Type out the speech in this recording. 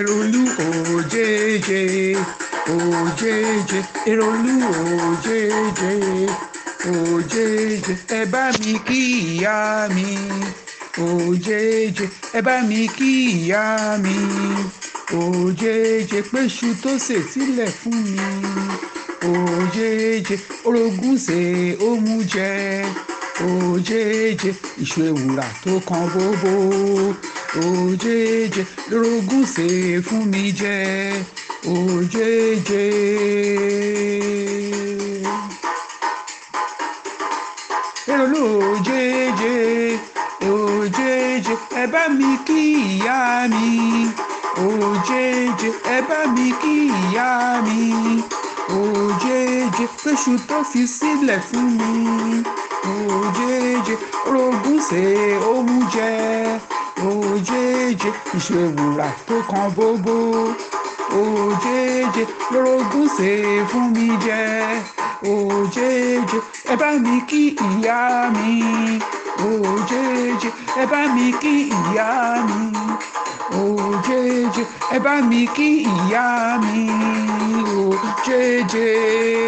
Èròolú òjèèjè òjèèjè Èròolú òjèèjè òjèèjè ẹ bá mi kí ìyá mi òjèèjè ẹ bá mi kí ìyá mi òjèèjè péṣu tó sè sílẹ̀ fún mi òjèèjè orogún ṣe ó mú jẹ òjèèjè ìṣù ewùrà tó kan bóbó òjèèjè lórogún ṣe fún mi jẹ òjèèjè. èrò lòjèèjè òjèèjè ẹ bá mi kí ìyá mi òjèèjè ẹ bá mi kí ìyá mi òjèèjè péṣu tó fi sílẹ̀ fún mi òjèèjè orogún ṣe ó mú jẹ òjèèjè ìṣèwòrà tó kan bóbó òjèèjè lórogún ṣe fún mi jẹ òjèèjè ẹ bá mi kí ìyá mi òjèèjè ẹ bá mi kí ìyá mi òjèèjè ẹ bá mi kí ìyá mi òjèèjè.